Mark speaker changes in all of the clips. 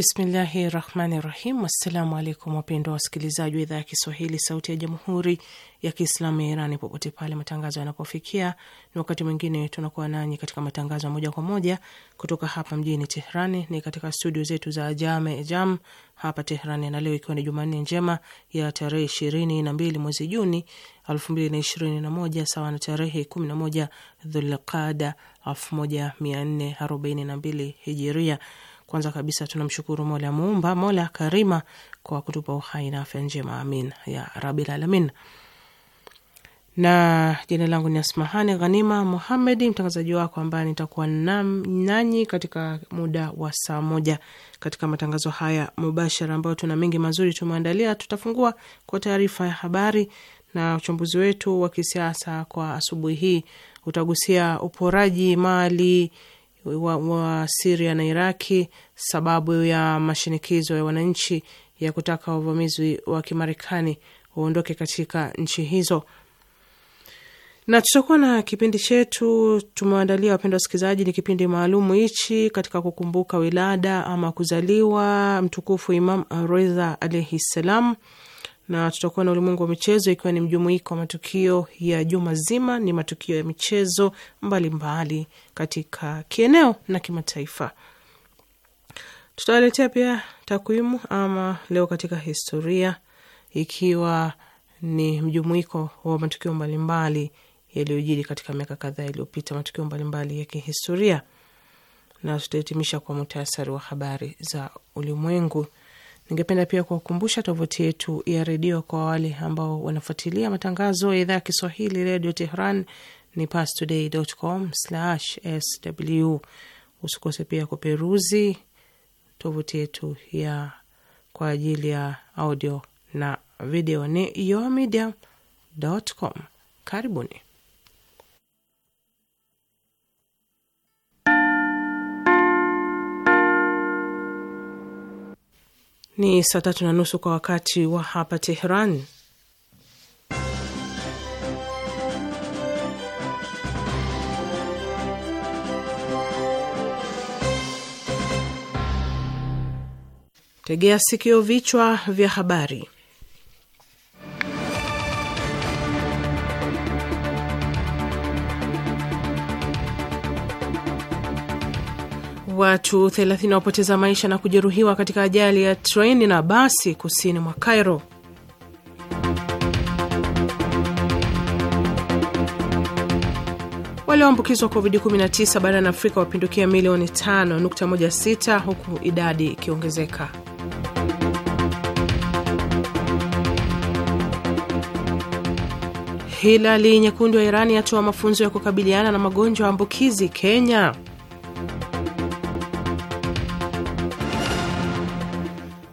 Speaker 1: Bismillahi rahmani rahim. Assalamu alaikum wapendwa wasikilizaji wa idhaa ya Kiswahili sauti ya jamhuri ya Kiislamu ya Irani, popote pale matangazo yanapofikia, ni wakati mwingine tunakuwa nanyi katika matangazo ya moja kwa moja kutoka hapa mjini Tehrani, ni katika studio zetu za Jame Jam hapa Tehrani, na leo ikiwa ni Jumanne njema ya tarehe ishirini na mbili mwezi Juni elfu mbili na ishirini na moja sawa na tarehe kumi na moja Dhulqada elfu moja mia nne arobaini na mbili hijiria. Kwanza kabisa tunamshukuru Mola Muumba, Mola Karima, kwa kutupa uhai na afya njema, amin ya rabil alamin. Na jina langu ni Asmahani Ghanima Muhamedi, mtangazaji wako ambaye nitakuwa nanyi katika muda wa saa moja katika matangazo haya mubashara, ambayo tuna mengi mazuri tumeandalia. Tutafungua kwa taarifa ya habari na uchambuzi wetu wa kisiasa kwa asubuhi hii utagusia uporaji mali wa, wa Siria na Iraki sababu ya mashinikizo ya wananchi ya kutaka wavamizi wa Kimarekani waondoke katika nchi hizo. Na tutakuwa na kipindi chetu tumewaandalia wapendwa wasikilizaji, ni kipindi maalumu hichi katika kukumbuka wilada ama kuzaliwa mtukufu Imam Reza alaihi ssalam na tutakuwa na ulimwengu wa michezo, ikiwa ni mjumuiko wa matukio ya juma zima, ni matukio ya michezo mbalimbali mbali katika kieneo na kimataifa. Tutawaletea pia takwimu ama leo katika historia, ikiwa ni mjumuiko wa matukio mbalimbali yaliyojiri katika miaka kadhaa iliyopita, matukio mbalimbali ya kihistoria, na tutahitimisha kwa muhtasari wa habari za ulimwengu. Ningependa pia kuwakumbusha tovuti yetu ya redio kwa wale ambao wanafuatilia matangazo ya idhaa ya Kiswahili redio Tehran ni pastoday.com/sw. Usikose pia kuperuzi tovuti yetu ya kwa ajili ya audio na video ni yomediacom Karibuni. Ni saa tatu na nusu kwa wakati wa hapa teheran Tegea sikio, vichwa vya habari. Watu 30 wapoteza maisha na kujeruhiwa katika ajali ya treni na basi kusini mwa Cairo. Walioambukizwa COVID-19 barani Afrika wapindukia milioni 5.16 huku idadi ikiongezeka. Hilali Nyekundu ya Irani yatoa mafunzo ya kukabiliana na magonjwa ya ambukizi Kenya.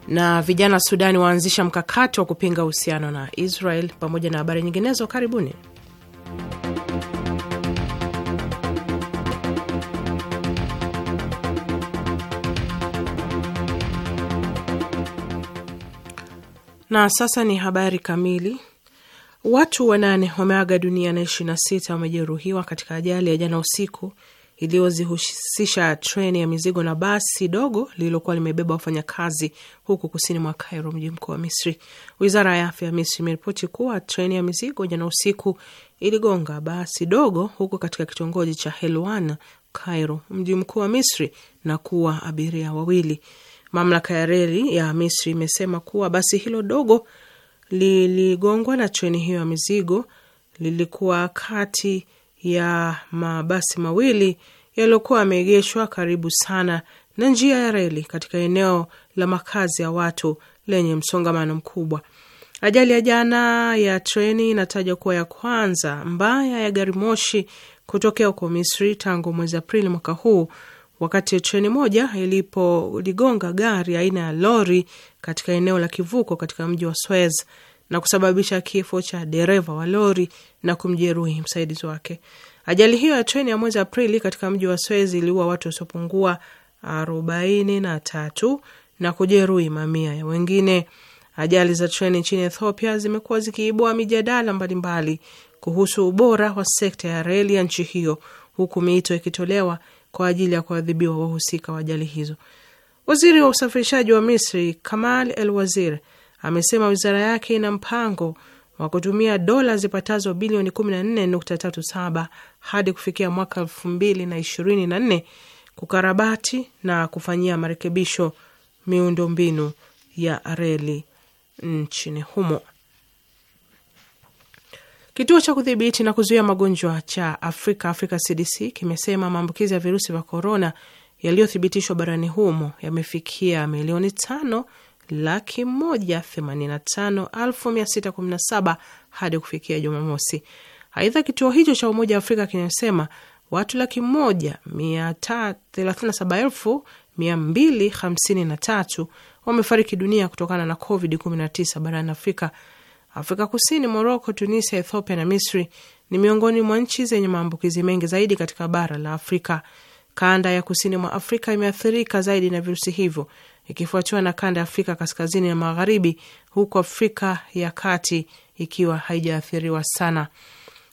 Speaker 1: na vijana Sudani waanzisha mkakati wa kupinga uhusiano na Israel, pamoja na habari nyinginezo. Karibuni. Na sasa ni habari kamili. Watu wanane wameaga dunia na sita wamejeruhiwa katika ajali ya jana usiku iliyozihusisha treni ya mizigo na basi dogo lililokuwa limebeba wafanyakazi huku kusini mwa Cairo, mji mkuu wa Misri. Wizara ya afya ya Misri imeripoti kuwa treni ya mizigo jana usiku iligonga basi dogo huko katika kitongoji cha Helwan, Cairo, mji mkuu wa Misri, na kuwa abiria wawili. Mamlaka ya reli ya Misri imesema kuwa basi hilo dogo liligongwa na treni hiyo ya mizigo lilikuwa kati ya mabasi mawili yaliyokuwa yameegeshwa karibu sana na njia ya reli katika eneo la makazi ya watu lenye msongamano mkubwa. Ajali ya jana ya treni inatajwa kuwa ya kwanza mbaya ya gari moshi kutokea huko Misri tangu mwezi Aprili mwaka huu, wakati treni moja ilipoligonga gari aina ya lori katika eneo la kivuko katika mji wa Suez na kusababisha kifo cha dereva wa lori na kumjeruhi msaidizi wake. Ajali hiyo ya treni ya mwezi Aprili katika mji wa Suez iliua watu wasiopungua arobaini na tatu na kujeruhi mamia ya wengine. Ajali za treni nchini Ethiopia zimekuwa zikiibua mijadala mbalimbali kuhusu ubora wa sekta ya reli ya nchi hiyo, huku miito ikitolewa kwa ajili ya kuadhibiwa wahusika wa ajali hizo. Waziri wa usafirishaji wa Misri Kamal El Wazir amesema wizara yake ina mpango wa kutumia dola zipatazo bilioni 14.37 hadi kufikia mwaka 2024 kukarabati na kufanyia marekebisho miundombinu ya reli nchini humo. Kituo cha kudhibiti na kuzuia magonjwa cha Afrika, Africa CDC, kimesema maambukizi ya virusi vya korona yaliyothibitishwa barani humo yamefikia milioni tano laki moja themanini na tano elfu mia sita kumi na saba hadi kufikia Jumamosi. Aidha, kituo hicho cha Umoja wa Afrika kinasema watu laki moja mia thelathini na saba elfu mia mbili hamsini na tatu wamefariki dunia kutokana na Covid 19 barani Afrika. Afrika Kusini, Moroko, Tunisia, Ethiopia na Misri ni miongoni mwa nchi zenye maambukizi mengi zaidi katika bara la Afrika. Kanda ya kusini mwa Afrika imeathirika zaidi na virusi hivyo ikifuatiwa na kanda ya Afrika kaskazini na magharibi, huku Afrika ya kati ikiwa haijaathiriwa sana.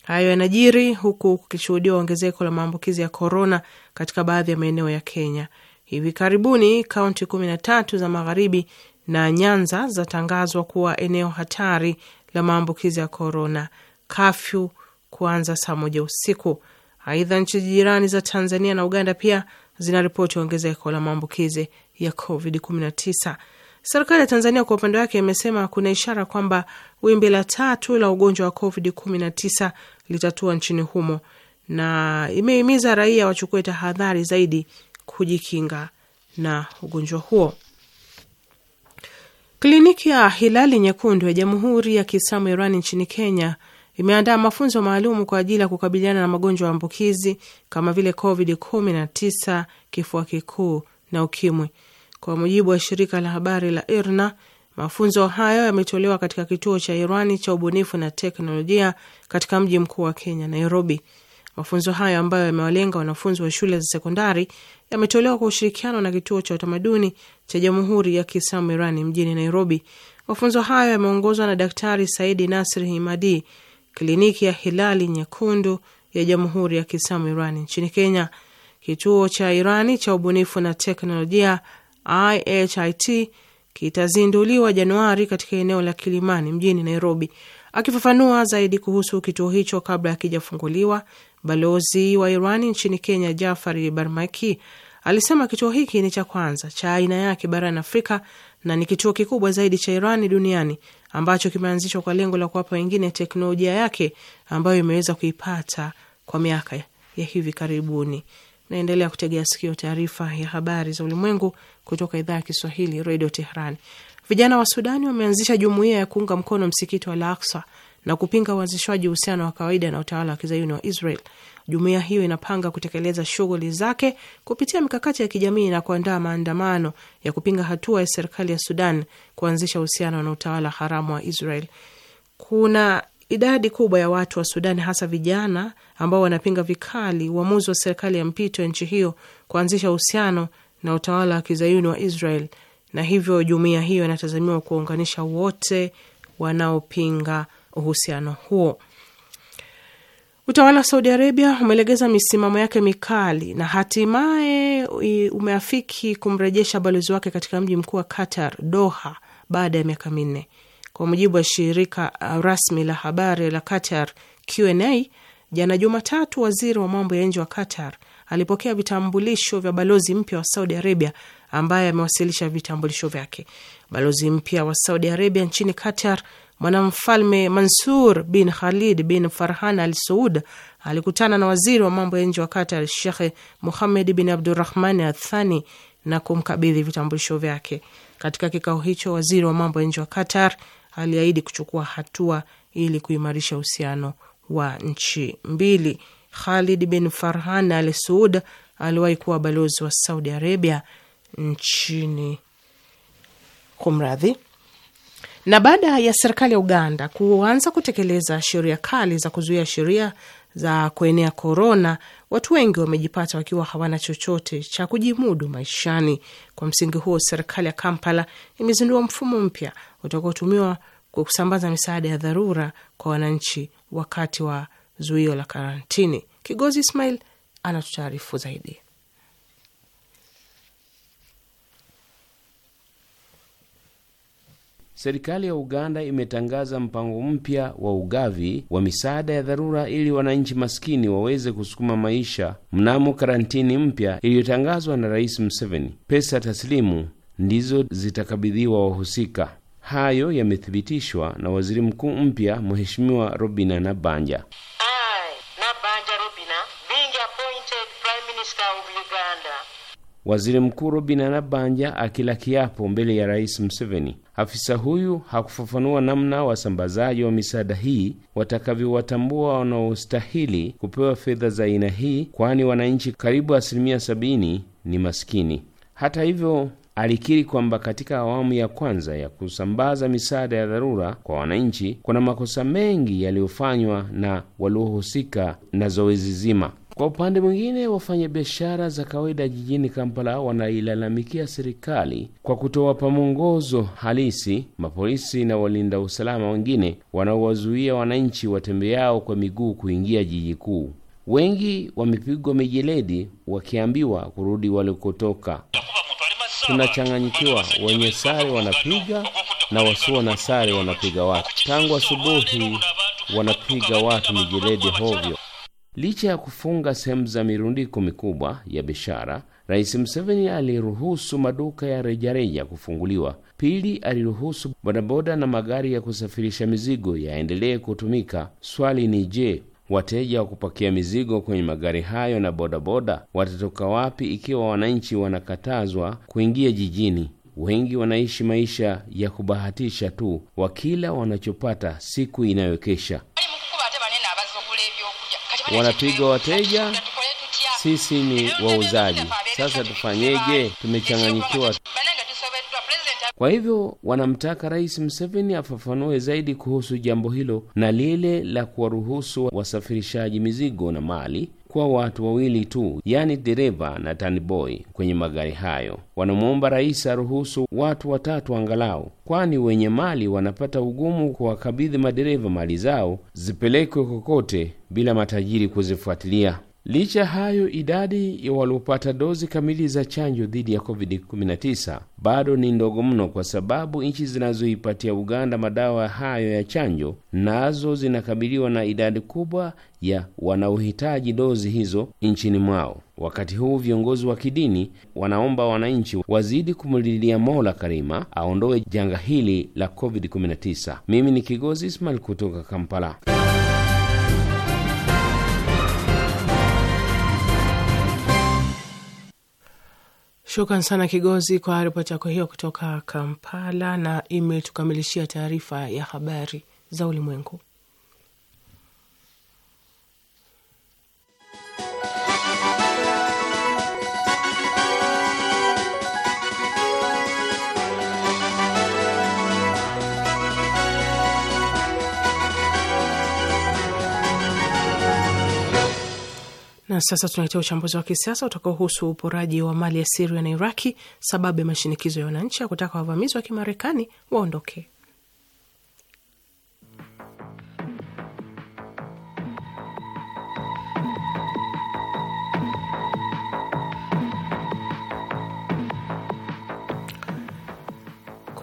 Speaker 1: Hayo yanajiri huku kukishuhudiwa ongezeko la maambukizi ya korona katika baadhi ya maeneo ya Kenya. Hivi karibuni kaunti kumi na tatu za magharibi na Nyanza zatangazwa kuwa eneo hatari la maambukizi ya korona, kafyu kuanza saa moja usiku. Aidha, nchi jirani za Tanzania na Uganda pia zinaripoti ongezeko la maambukizi ya Covid 19. Serikali ya Tanzania kwa upande wake imesema kuna ishara kwamba wimbi la tatu la ugonjwa wa Covid 19 litatua nchini humo, na imehimiza raia wachukue tahadhari zaidi kujikinga na ugonjwa huo. Kliniki ya Hilali Nyekundu ya Jamhuri ya Kiislamu Irani nchini Kenya imeandaa mafunzo maalum kwa ajili ya kukabiliana na magonjwa ya ambukizi kama vile Covid 19, kifua kikuu na ukimwi. Kwa mujibu wa shirika la habari la IRNA, mafunzo hayo yametolewa katika kituo cha Irani cha ubunifu na teknolojia katika mji mkuu wa Kenya, Nairobi. Mafunzo hayo ambayo yamewalenga wanafunzi wa shule za sekondari yametolewa kwa ushirikiano na kituo cha utamaduni cha Jamhuri ya Kiislamu Irani mjini Nairobi. Mafunzo hayo yameongozwa na Daktari Saidi Nasri Himadi, kliniki ya Hilali Nyekundu ya Jamhuri ya Kiislamu Irani nchini Kenya, kituo cha Irani cha ubunifu na teknolojia IHIT kitazinduliwa Januari katika eneo la Kilimani mjini Nairobi. Akifafanua zaidi kuhusu kituo hicho kabla akijafunguliwa, balozi wa Irani nchini Kenya Jafari Barmaki alisema kituo hiki ni cha kwanza cha aina yake barani Afrika na ni kituo kikubwa zaidi cha Irani duniani ambacho kimeanzishwa kwa lengo la kuwapa wengine teknolojia yake ambayo imeweza kuipata kwa miaka ya hivi karibuni. Naendelea kutegea sikio taarifa ya habari za ulimwengu kutoka idhaa ya Kiswahili redio Tehran. Vijana wa Sudani wameanzisha jumuiya ya kuunga mkono msikiti wa Al-Aqsa na kupinga uanzishwaji uhusiano wa kawaida na utawala wa kizayuni wa Israel Jumuiya hiyo inapanga kutekeleza shughuli zake kupitia mikakati ya kijamii na kuandaa maandamano ya kupinga hatua ya serikali ya Sudan kuanzisha uhusiano na utawala haramu wa Israel. Kuna idadi kubwa ya watu wa Sudan, hasa vijana, ambao wanapinga vikali uamuzi wa serikali ya mpito ya nchi hiyo kuanzisha uhusiano na utawala wa kizayuni wa Israel, na hivyo jumuiya hiyo inatazamiwa kuwaunganisha wote wanaopinga uhusiano huo. Utawala wa Saudi Arabia umelegeza misimamo yake mikali na hatimaye umeafiki kumrejesha balozi wake katika mji mkuu wa Qatar, Doha, baada ya miaka minne. Kwa mujibu wa shirika uh, rasmi la habari la Qatar QNA, jana Jumatatu, waziri wa mambo ya nje wa Qatar alipokea vitambulisho vya balozi mpya wa Saudi Arabia ambaye amewasilisha vitambulisho vyake. Balozi mpya wa Saudi Arabia nchini Qatar mwanamfalme Mansur bin Khalid bin Farhan al Saud alikutana na waziri wa mambo ya nje wa Qatar Shekhe Muhamed bin Abdurahman Athani na kumkabidhi vitambulisho vyake. Katika kikao hicho, waziri wa mambo ya nje wa Qatar aliahidi kuchukua hatua ili kuimarisha uhusiano wa nchi mbili. Khalid bin Farhan al Saud aliwahi kuwa balozi wa Saudi Arabia nchini kumradhi na baada ya serikali ya Uganda kuanza kutekeleza sheria kali za kuzuia sheria za kuenea korona, watu wengi wamejipata wakiwa hawana chochote cha kujimudu maishani. Kwa msingi huo, serikali ya Kampala imezindua mfumo mpya utakaotumiwa kusambaza misaada ya dharura kwa wananchi wakati wa zuio la karantini. Kigozi Ismail anatutaarifu zaidi.
Speaker 2: Serikali ya Uganda imetangaza mpango mpya wa ugavi wa misaada ya dharura ili wananchi maskini waweze kusukuma maisha mnamo karantini mpya iliyotangazwa na Rais Museveni. Pesa taslimu ndizo zitakabidhiwa wahusika. Hayo yamethibitishwa na waziri mkuu mpya Mheshimiwa Robina Nabanja. Waziri Mkuu Robin Anabanja akila kiapo mbele ya Rais Museveni. Afisa huyu hakufafanua namna wasambazaji wa misaada hii watakavyowatambua wanaostahili kupewa fedha za aina hii, kwani wananchi karibu asilimia sabini ni maskini. Hata hivyo, alikiri kwamba katika awamu ya kwanza ya kusambaza misaada ya dharura kwa wananchi kuna makosa mengi yaliyofanywa na waliohusika na zoezi zima. Kwa upande mwingine, wafanyabiashara za kawaida jijini Kampala wanailalamikia serikali kwa kutowapa mwongozo halisi mapolisi na walinda usalama wengine wanaowazuia wananchi watembeao kwa miguu kuingia jiji kuu. Wengi wamepigwa mijeledi wakiambiwa kurudi walikotoka. Tunachanganyikiwa, wenye sare wanapiga na wasio na sare wanapiga watu. Tangu asubuhi wanapiga watu mijeledi hovyo. Licha ya kufunga sehemu za mirundiko mikubwa ya biashara, Rais Museveni aliruhusu maduka ya rejareja kufunguliwa. Pili, aliruhusu bodaboda na magari ya kusafirisha mizigo yaendelee kutumika. Swali ni je, wateja wa kupakia mizigo kwenye magari hayo na bodaboda watatoka wapi ikiwa wananchi wanakatazwa kuingia jijini? Wengi wanaishi maisha ya kubahatisha tu, wakila wanachopata siku inayokesha wanapigwa wateja, sisi ni wauzaji. Sasa tufanyeje? Tumechanganyikiwa. Kwa hivyo wanamtaka Rais Museveni afafanue zaidi kuhusu jambo hilo na lile la kuwaruhusu wasafirishaji mizigo na mali kuwa watu wawili tu, yani dereva na taniboi kwenye magari hayo. Wanamwomba rais aruhusu watu watatu angalau, kwani wenye mali wanapata ugumu kuwakabidhi madereva mali zao zipelekwe kokote bila matajiri kuzifuatilia. Licha ya hayo, idadi ya waliopata dozi kamili za chanjo dhidi ya COVID-19 bado ni ndogo mno, kwa sababu nchi zinazoipatia Uganda madawa hayo ya chanjo nazo zinakabiliwa na idadi kubwa ya wanaohitaji dozi hizo nchini mwao. Wakati huu viongozi wa kidini wanaomba wananchi wazidi kumlilia Mola Karima aondoe janga hili la COVID-19. Mimi ni Kigozi Ismail kutoka Kampala.
Speaker 1: Shukran sana Kigozi kwa ripoti yako hiyo kutoka Kampala, na imetukamilishia taarifa ya habari za ulimwengu. Na sasa tunaletea uchambuzi wa kisiasa utakaohusu uporaji wa mali ya Siria na Iraki, sababu ya mashinikizo ya wananchi ya kutaka wavamizi wa Kimarekani waondoke.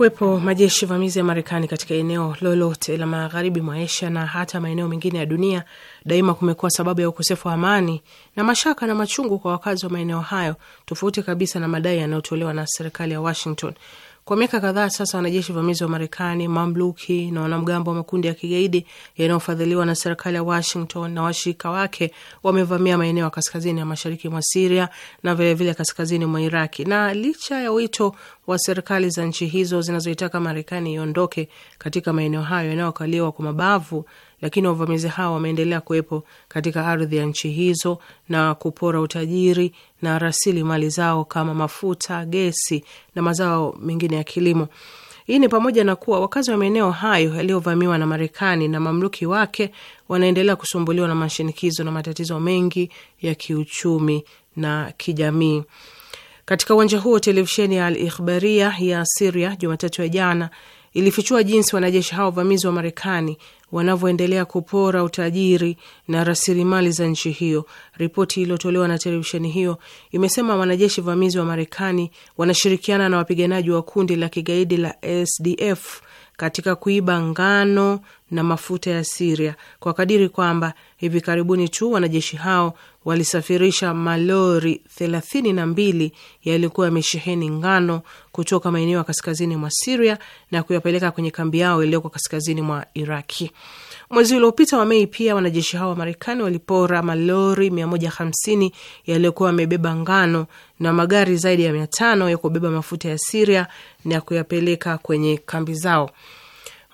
Speaker 1: kuwepo majeshi vamizi ya Marekani katika eneo lolote la magharibi mwa Asia na hata maeneo mengine ya dunia daima kumekuwa sababu ya ukosefu wa amani na mashaka na machungu kwa wakazi wa maeneo hayo, tofauti kabisa na madai yanayotolewa na serikali ya Washington. Kwa miaka kadhaa sasa, wanajeshi vamizi wa Marekani, mamluki na wanamgambo wa makundi ya kigaidi yanayofadhiliwa na serikali ya Washington na washirika wake wamevamia maeneo ya kaskazini ya mashariki mwa Siria na vilevile kaskazini mwa Iraki, na licha ya wito wa serikali za nchi hizo zinazoitaka Marekani iondoke katika maeneo hayo yanayokaliwa kwa mabavu lakini wavamizi hao wameendelea kuwepo katika ardhi ya nchi hizo na kupora utajiri na rasili mali zao kama mafuta, gesi na mazao mengine ya kilimo. Hii ni pamoja na kuwa wakazi wa maeneo hayo yaliyovamiwa na Marekani na mamluki wake wanaendelea kusumbuliwa na mashinikizo na matatizo mengi ya kiuchumi na kijamii. Katika uwanja huo, televisheni ya Al Ikhbaria ya Siria Jumatatu ya jana ilifichua jinsi wanajeshi hao wavamizi wa Marekani wanavyoendelea kupora utajiri na rasilimali za nchi hiyo. Ripoti iliyotolewa na televisheni hiyo imesema wanajeshi vamizi wa Marekani wanashirikiana na wapiganaji wa kundi la kigaidi la SDF katika kuiba ngano na mafuta ya Siria kwa kadiri kwamba hivi karibuni tu wanajeshi hao walisafirisha malori thelathini na mbili yaliyokuwa yamesheheni ngano kutoka maeneo ya kaskazini mwa Siria na kuyapeleka kwenye kambi yao iliyoko kaskazini mwa Iraki. Mwezi uliopita wa Mei pia wanajeshi hao wa Marekani walipora malori 150 yaliyokuwa yamebeba ngano na magari zaidi ya 500 ya kubeba mafuta ya Siria na kuyapeleka kwenye kambi zao.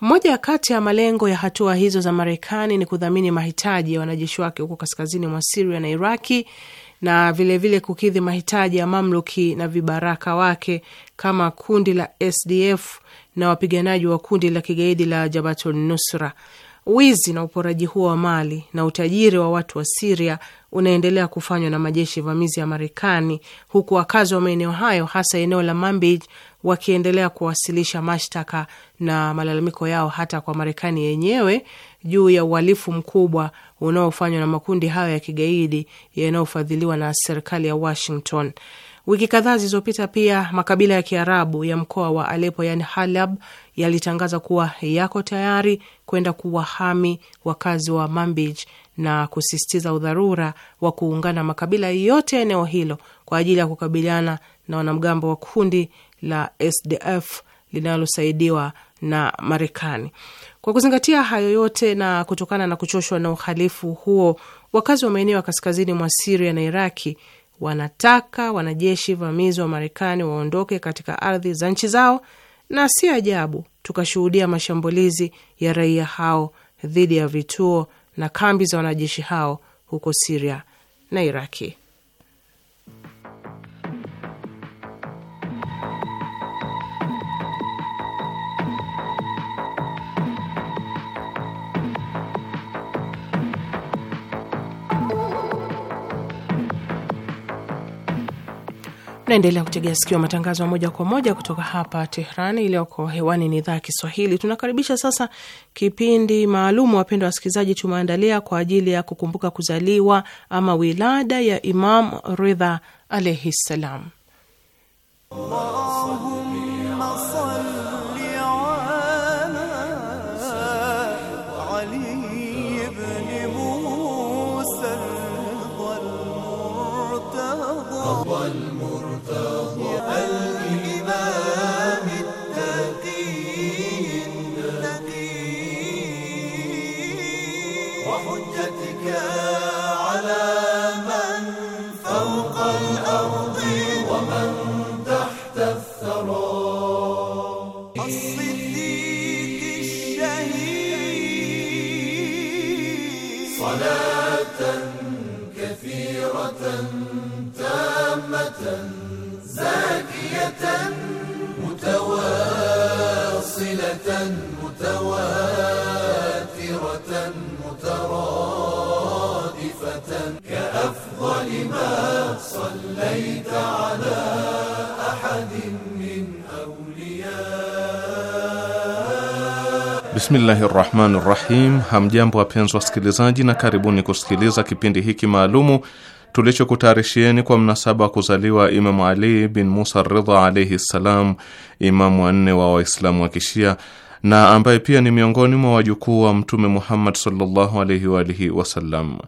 Speaker 1: Moja kati ya malengo ya hatua hizo za Marekani ni kudhamini mahitaji ya wanajeshi wake huko kaskazini mwa Siria na Iraki na vilevile vile kukidhi mahitaji ya mamluki na vibaraka wake kama kundi la SDF na wapiganaji wa kundi la kigaidi la Jabatul Nusra. Wizi na uporaji huo wa mali na utajiri wa watu wa Siria unaendelea kufanywa na majeshi vamizi ya Marekani, huku wakazi wa maeneo hayo hasa eneo la Manbij wakiendelea kuwasilisha mashtaka na malalamiko yao hata kwa Marekani yenyewe juu ya uhalifu mkubwa unaofanywa na makundi hayo ya kigaidi yanayofadhiliwa na serikali ya Washington. Wiki kadhaa zilizopita pia makabila ya Kiarabu ya mkoa wa Alepo yani Halab yalitangaza kuwa yako tayari kwenda kuwahami wakazi wa Manbij na kusisitiza udharura wa kuungana makabila yote eneo hilo kwa ajili ya kukabiliana na wanamgambo wa kundi la SDF linalosaidiwa na Marekani. Kwa kuzingatia hayo yote na kutokana na kuchoshwa na uhalifu huo, wakazi wa maeneo ya kaskazini mwa Siria na Iraki wanataka wanajeshi vamizi wa Marekani waondoke katika ardhi za nchi zao, na si ajabu tukashuhudia mashambulizi ya raia hao dhidi ya vituo na kambi za wanajeshi hao huko Siria na Iraki. Naendelea kutegea sikio matangazo ya moja kwa moja kutoka hapa Tehrani. Iliyoko hewani ni idhaa ya Kiswahili. Tunakaribisha sasa kipindi maalumu, wapendwa wasikilizaji, tumeandalia kwa ajili ya kukumbuka kuzaliwa ama wilada ya Imam Ridha alaihi ssalam.
Speaker 3: Bismillahi rahmani rahim. Hamjambo wapenzi wasikilizaji, na karibuni kusikiliza kipindi hiki maalumu tulichokutayarishieni kwa mnasaba wa kuzaliwa Imamu Ali bin Musa Ridha alaihi ssalam, imamu wanne wa Waislamu wa Kishia na ambaye pia ni miongoni mwa wajukuu wa Mtume Muhammad sallallahu alaihi waalihi wasallam.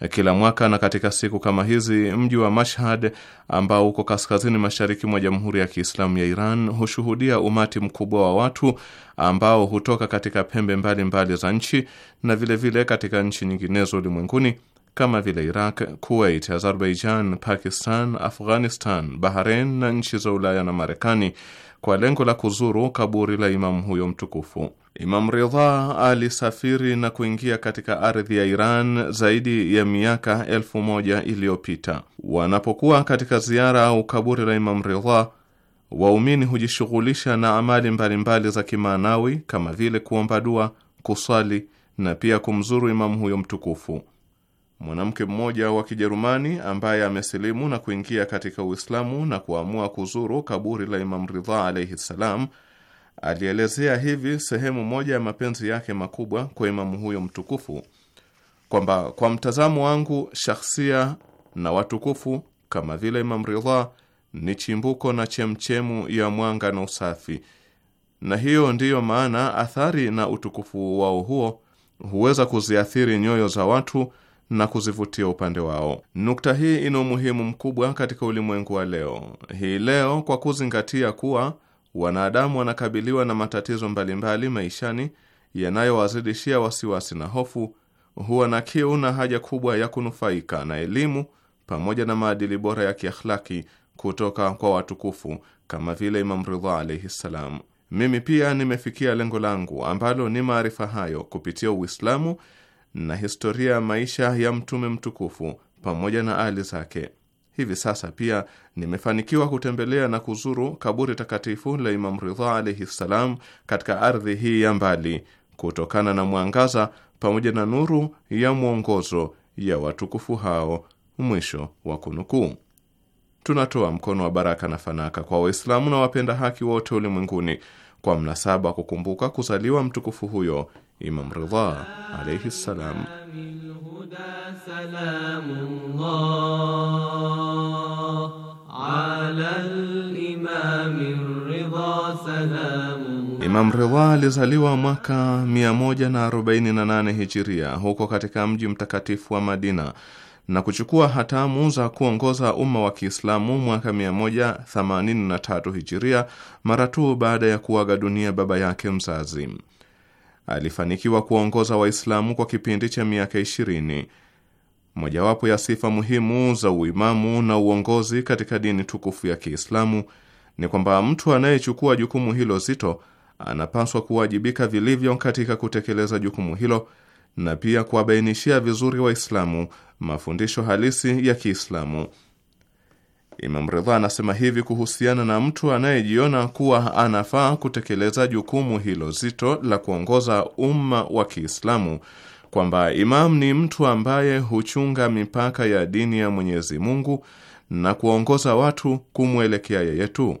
Speaker 3: Eh, kila mwaka na katika siku kama hizi mji wa Mashhad ambao uko kaskazini mashariki mwa Jamhuri ya Kiislamu ya Iran hushuhudia umati mkubwa wa watu ambao hutoka katika pembe mbalimbali mbali za nchi na vilevile vile katika nchi nyinginezo ulimwenguni kama vile Iraq, Kuwait, Azerbaijan, Pakistan, Afghanistan, Bahrain na nchi za Ulaya na Marekani kwa lengo la kuzuru kaburi la imamu huyo mtukufu. imam Ridha alisafiri na kuingia katika ardhi ya Iran zaidi ya miaka elfu moja iliyopita. Wanapokuwa katika ziara au kaburi la imam Ridha, waumini hujishughulisha na amali mbalimbali za kimaanawi kama vile kuomba dua, kuswali na pia kumzuru imamu huyo mtukufu. Mwanamke mmoja wa Kijerumani ambaye amesilimu na kuingia katika Uislamu na kuamua kuzuru kaburi la Imam Ridha alaihi ssalam alielezea hivi sehemu moja ya mapenzi yake makubwa kwa imamu huyo mtukufu kwamba kwa mtazamo wangu shahsia na watukufu kama vile Imam Ridha ni chimbuko na chemchemu ya mwanga na usafi, na hiyo ndiyo maana athari na utukufu wao huo huweza kuziathiri nyoyo za watu na kuzivutia upande wao. Nukta hii ina umuhimu mkubwa katika ulimwengu wa leo hii leo, kwa kuzingatia kuwa wanadamu wanakabiliwa na matatizo mbalimbali maishani yanayowazidishia wasiwasi na hofu, huwa na kiu na haja kubwa ya kunufaika na elimu pamoja na maadili bora ya kiakhlaki kutoka kwa watukufu kama vile Imam Ridha alaihi ssalam. Mimi pia nimefikia lengo langu ambalo ni maarifa hayo kupitia Uislamu na historia ya maisha ya mtume mtukufu pamoja na ali zake. Hivi sasa pia nimefanikiwa kutembelea na kuzuru kaburi takatifu la Imam Ridha alaihi ssalam katika ardhi hii ya mbali, kutokana na mwangaza pamoja na nuru ya mwongozo ya watukufu hao. Mwisho wa kunukuu. Tunatoa mkono wa baraka na fanaka kwa Waislamu na wapenda haki wote ulimwenguni kwa mnasaba wa kukumbuka kuzaliwa mtukufu huyo Imam Ridha alayhi salam. Imam Ridha alizaliwa mwaka 148 Hijiria huko katika mji mtakatifu wa Madina na kuchukua hatamu za kuongoza umma wa Kiislamu mwaka 183 Hijiria mara tu baada ya kuaga dunia baba yake mzazi alifanikiwa kuongoza Waislamu kwa kipindi cha miaka ishirini. Mojawapo ya sifa muhimu za uimamu na uongozi katika dini tukufu ya Kiislamu ni kwamba mtu anayechukua jukumu hilo zito anapaswa kuwajibika vilivyo katika kutekeleza jukumu hilo na pia kuwabainishia vizuri Waislamu mafundisho halisi ya Kiislamu. Imam Ridha anasema hivi kuhusiana na mtu anayejiona kuwa anafaa kutekeleza jukumu hilo zito la kuongoza umma wa Kiislamu kwamba imam ni mtu ambaye huchunga mipaka ya dini ya Mwenyezi Mungu na kuongoza watu kumwelekea yeye tu.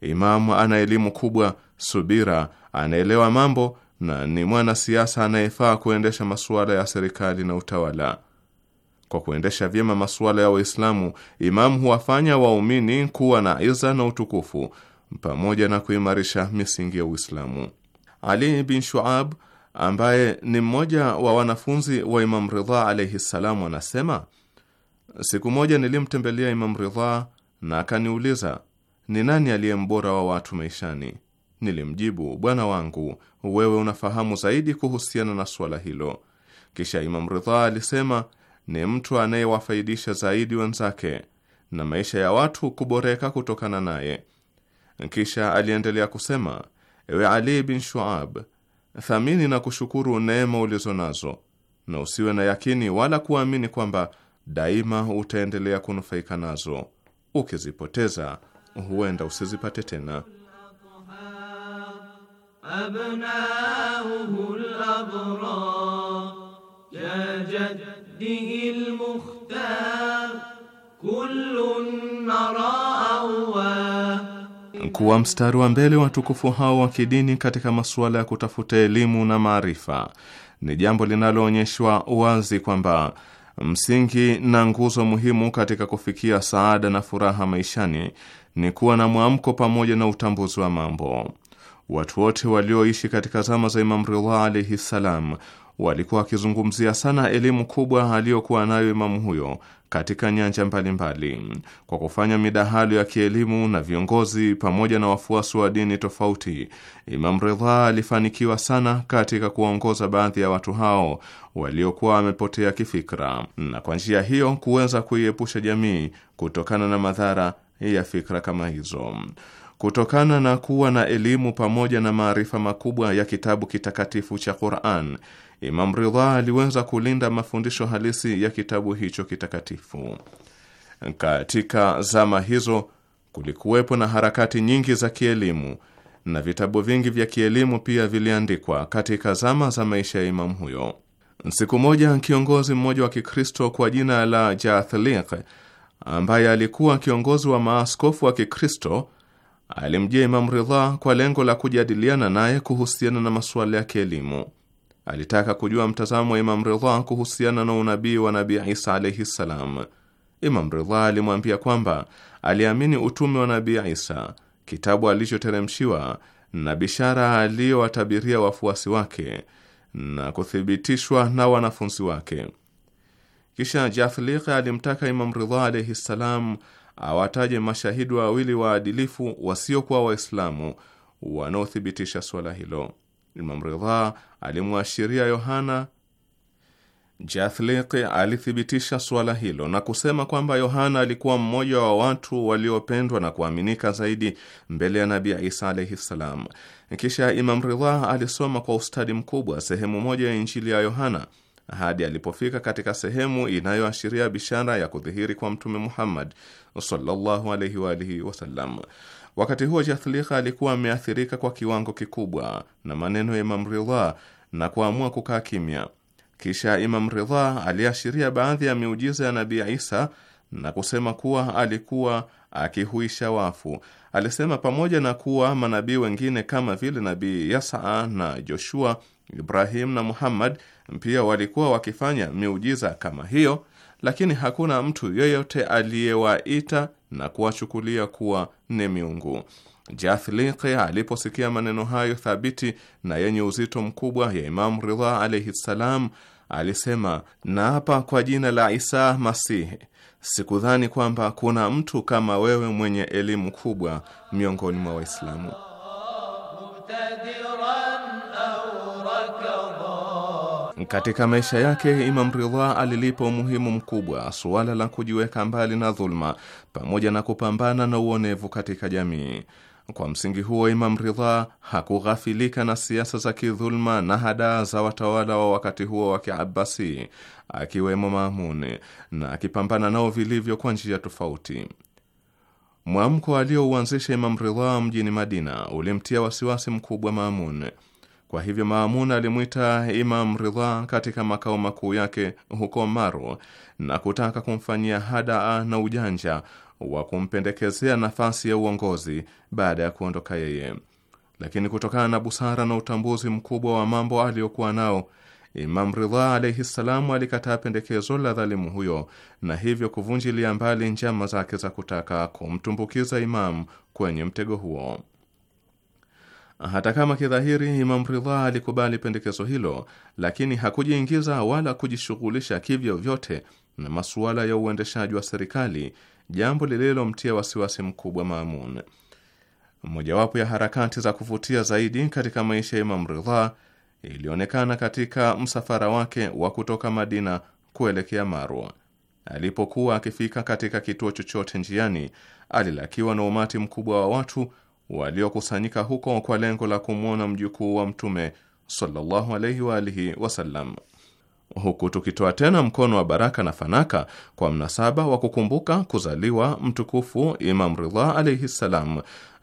Speaker 3: imam ana elimu kubwa, subira, anaelewa mambo na ni mwanasiasa anayefaa kuendesha masuala ya serikali na utawala. Kwa kuendesha vyema masuala ya Waislamu, imamu huwafanya waumini kuwa na iza na utukufu pamoja na kuimarisha misingi ya Uislamu. Ali bin Shuab ambaye ni mmoja wa wanafunzi wa Imam Ridha alaihi ssalam, anasema siku moja nilimtembelea Imam Ridha na akaniuliza ni nani aliye mbora wa watu maishani? Nilimjibu, bwana wangu, wewe unafahamu zaidi kuhusiana na suala hilo. Kisha Imam Ridha alisema ni mtu anayewafaidisha zaidi wenzake na maisha ya watu kuboreka kutokana naye. Kisha aliendelea kusema, ewe Ali bin Shuab, thamini na kushukuru neema ulizo nazo na usiwe na yakini wala kuamini kwamba daima utaendelea kunufaika nazo. Ukizipoteza huenda usizipate tena.
Speaker 4: عبده المختار كل نرى
Speaker 3: kuwa mstari wa mbele watukufu hao wa kidini katika masuala ya kutafuta elimu na maarifa ni jambo linaloonyeshwa wazi kwamba msingi na nguzo muhimu katika kufikia saada na furaha maishani ni kuwa na mwamko pamoja na utambuzi wa mambo. Watu wote walioishi katika zama za Imam Ridha alaihi ssalam walikuwa wakizungumzia sana elimu kubwa aliyokuwa nayo imamu huyo katika nyanja mbalimbali mbali. Kwa kufanya midahalo ya kielimu na viongozi pamoja na wafuasi wa dini tofauti, Imam Ridha alifanikiwa sana katika kuwaongoza baadhi ya watu hao waliokuwa wamepotea kifikra, na kwa njia hiyo kuweza kuiepusha jamii kutokana na madhara ya fikra kama hizo kutokana na kuwa na elimu pamoja na maarifa makubwa ya kitabu kitakatifu cha Qur'an, Imam Ridha aliweza kulinda mafundisho halisi ya kitabu hicho kitakatifu. Katika zama hizo kulikuwepo na harakati nyingi za kielimu na vitabu vingi vya kielimu pia viliandikwa katika zama za maisha ya imamu huyo. Siku moja kiongozi mmoja wa Kikristo kwa jina la Jathliq ambaye alikuwa kiongozi wa maaskofu wa Kikristo alimjia Imam Ridha kwa lengo la kujadiliana naye kuhusiana na masuala ya kielimu. Alitaka kujua mtazamo wa Imam Ridha kuhusiana na unabii wa Nabii Isa alaihi ssalam. Imam Ridha alimwambia kwamba aliamini utume wa Nabii Isa, kitabu alichoteremshiwa na bishara aliyowatabiria wafuasi wake na kuthibitishwa na wanafunzi wake. Kisha Jathliq alimtaka Imam Ridha alaihi ssalam awataje mashahidi wawili waadilifu wasiokuwa Waislamu wanaothibitisha swala hilo. Imam Ridha alimwashiria Yohana Jathliq alithibitisha suala hilo na kusema kwamba Yohana alikuwa mmoja wa watu waliopendwa na kuaminika zaidi mbele ya Nabii Isa alaihi ssalam. Kisha Imam Ridha alisoma kwa ustadi mkubwa sehemu moja ya Injili ya Yohana hadi alipofika katika sehemu inayoashiria bishara ya kudhihiri kwa Mtume Muhammad sallallahu alaihi wa alihi wasallam. Wakati huo Jathlikha alikuwa ameathirika kwa kiwango kikubwa na maneno ya Imam Ridha na kuamua kukaa kimya. Kisha Imam Ridha aliashiria baadhi ya miujiza ya Nabii Isa na kusema kuwa alikuwa akihuisha wafu. Alisema pamoja na kuwa manabii wengine kama vile Nabii Yasa na Joshua Ibrahim na Muhammad pia walikuwa wakifanya miujiza kama hiyo, lakini hakuna mtu yeyote aliyewaita na kuwachukulia kuwa ni miungu. Jathliqi aliposikia maneno hayo thabiti na yenye uzito mkubwa ya Imamu Ridha alaihi ssalam, alisema naapa kwa jina la Isa Masihi, sikudhani kwamba kuna mtu kama wewe mwenye elimu kubwa miongoni mwa Waislamu. Katika maisha yake Imam Ridha alilipa umuhimu mkubwa suala la kujiweka mbali na dhulma pamoja na kupambana na uonevu katika jamii. Kwa msingi huo, Imam Ridha hakughafilika na siasa za kidhulma na hadaa za watawala wa wakati huo wa Kiabasi, akiwemo Maamuni, na akipambana nao vilivyo kwa njia tofauti. Mwamko aliouanzisha Imam Ridha mjini Madina ulimtia wasiwasi mkubwa Maamun. Kwa hivyo Maamuna alimwita Imam Ridha katika makao makuu yake huko Maru na kutaka kumfanyia hadaa na ujanja wa kumpendekezea nafasi ya uongozi baada ya kuondoka yeye, lakini kutokana na busara na utambuzi mkubwa wa mambo aliyokuwa nao Imam Ridha alaihi ssalamu alikataa pendekezo la dhalimu huyo na hivyo kuvunjilia mbali njama zake za kutaka kumtumbukiza imamu kwenye mtego huo. Hata kama kidhahiri Imam Ridha alikubali pendekezo hilo, lakini hakujiingiza wala kujishughulisha kivyo vyote na masuala ya uendeshaji wa serikali, jambo lililomtia wasiwasi mkubwa Mamun. Mojawapo ya harakati za kuvutia zaidi katika maisha ya Imam Ridha ilionekana katika msafara wake wa kutoka Madina kuelekea Marwa. Alipokuwa akifika katika kituo chochote njiani, alilakiwa na umati mkubwa wa watu waliokusanyika huko kwa lengo la kumwona mjukuu wa Mtume sallallahu alaihi wa alihi wasallam, huku tukitoa tena mkono wa baraka na fanaka kwa mnasaba wa kukumbuka kuzaliwa mtukufu Imam Ridha alaihi ssalam.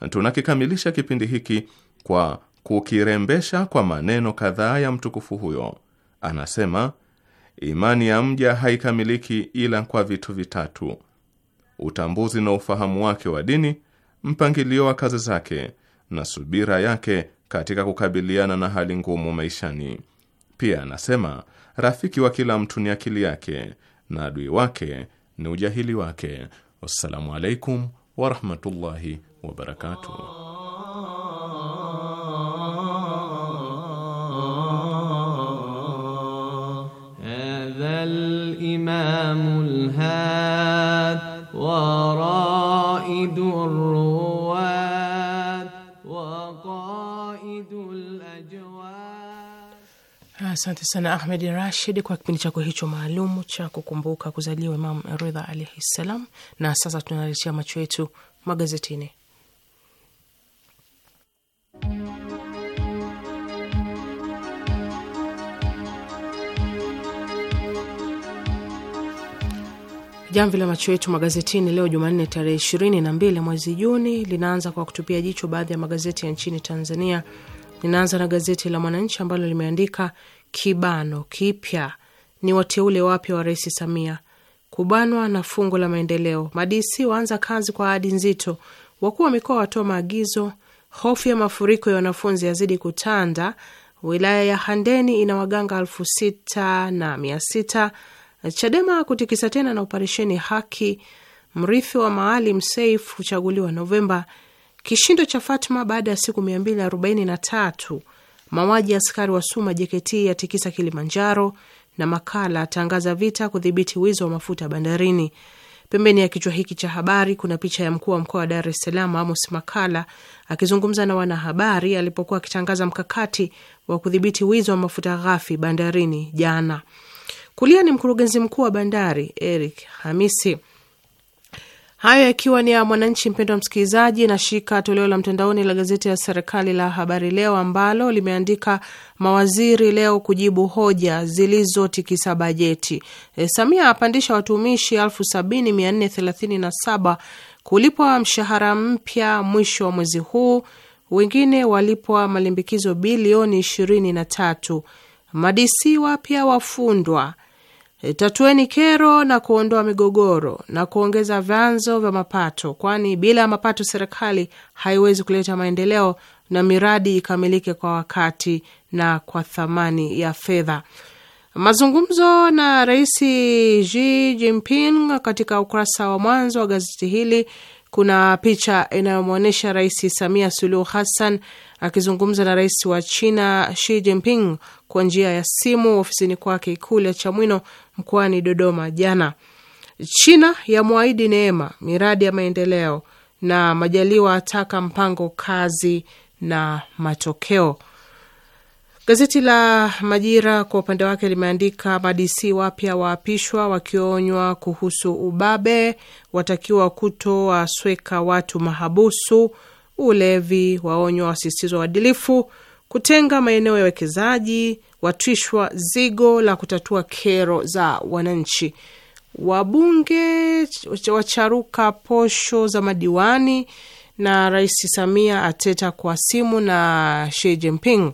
Speaker 3: Tunakikamilisha kipindi hiki kwa kukirembesha kwa maneno kadhaa ya mtukufu huyo. Anasema, imani ya mja haikamiliki ila kwa vitu vitatu: utambuzi na ufahamu wake wa dini mpangilio wa kazi zake na subira yake katika kukabiliana na hali ngumu maishani. Pia anasema rafiki wa kila mtu ni akili yake na adui wake ni ujahili wake. Wassalamu alaikum warahmatullahi wabarakatuh.
Speaker 1: Asante sana Ahmed Rashid kwa kipindi chako hicho maalum cha kukumbuka kuzaliwa Imam Ridha alaihi ssalam. Na sasa tunaletea macho yetu magazetini. Jamvi la macho yetu magazetini leo Jumanne tarehe ishirini na mbili mwezi Juni linaanza kwa kutupia jicho baadhi ya magazeti ya nchini Tanzania. Linaanza na gazeti la Mwananchi ambalo limeandika kibano kipya ni wateule wapya wa Rais Samia kubanwa na fungu la maendeleo. Madisi waanza kazi kwa ahadi nzito. Wakuu wa mikoa watoa maagizo. Hofu ya mafuriko ya wanafunzi yazidi kutanda. Wilaya ya Handeni ina waganga elfu sita na mia sita. Chadema kutikisa tena na operesheni haki. Mrithi wa Maalim Seif huchaguliwa Novemba. Kishindo cha Fatma baada ya siku 243 mauaji ya askari wa Suma JKT yatikisa Kilimanjaro, na makala atangaza vita kudhibiti wizo wa mafuta bandarini. Pembeni ya kichwa hiki cha habari kuna picha ya mkuu wa mkoa wa Dar es Salaam Amos Makala akizungumza na wanahabari alipokuwa akitangaza mkakati wa kudhibiti wizo wa mafuta ghafi bandarini jana. Kulia ni mkurugenzi mkuu wa bandari Eric Hamisi. Hayo yakiwa ni ya Mwananchi, mpendwa msikilizaji, na shika toleo la mtandaoni la gazeti ya serikali la Habari Leo ambalo limeandika mawaziri leo kujibu hoja zilizotikisa bajeti. E, Samia apandisha watumishi elfu sabini mia nne thelathini na saba kulipwa mshahara mpya mwisho wa mwezi huu, wengine walipwa malimbikizo bilioni ishirini na tatu. Madisi wapya wafundwa E, tatueni kero na kuondoa migogoro na kuongeza vyanzo vya mapato, kwani bila ya mapato serikali haiwezi kuleta maendeleo na miradi ikamilike kwa wakati na kwa thamani ya fedha. Mazungumzo na Rais Xi Jinping katika ukurasa wa mwanzo wa gazeti hili kuna picha inayomwonyesha Rais Samia Suluhu Hassan akizungumza na rais wa China Xi Jinping kwa njia ya simu ofisini kwake Ikulu ya Chamwino mkoani Dodoma jana. China yamwahidi neema miradi ya maendeleo, na Majaliwa ataka mpango kazi na matokeo. Gazeti la Majira kwa upande wake limeandika madisi wapya waapishwa wakionywa kuhusu ubabe, watakiwa kutowasweka watu mahabusu, ulevi waonywa wasisitiza uadilifu, kutenga maeneo ya wekezaji, watwishwa zigo la kutatua kero za wananchi. Wabunge wacharuka posho za madiwani, na Rais Samia ateta kwa simu na Xi Jinping.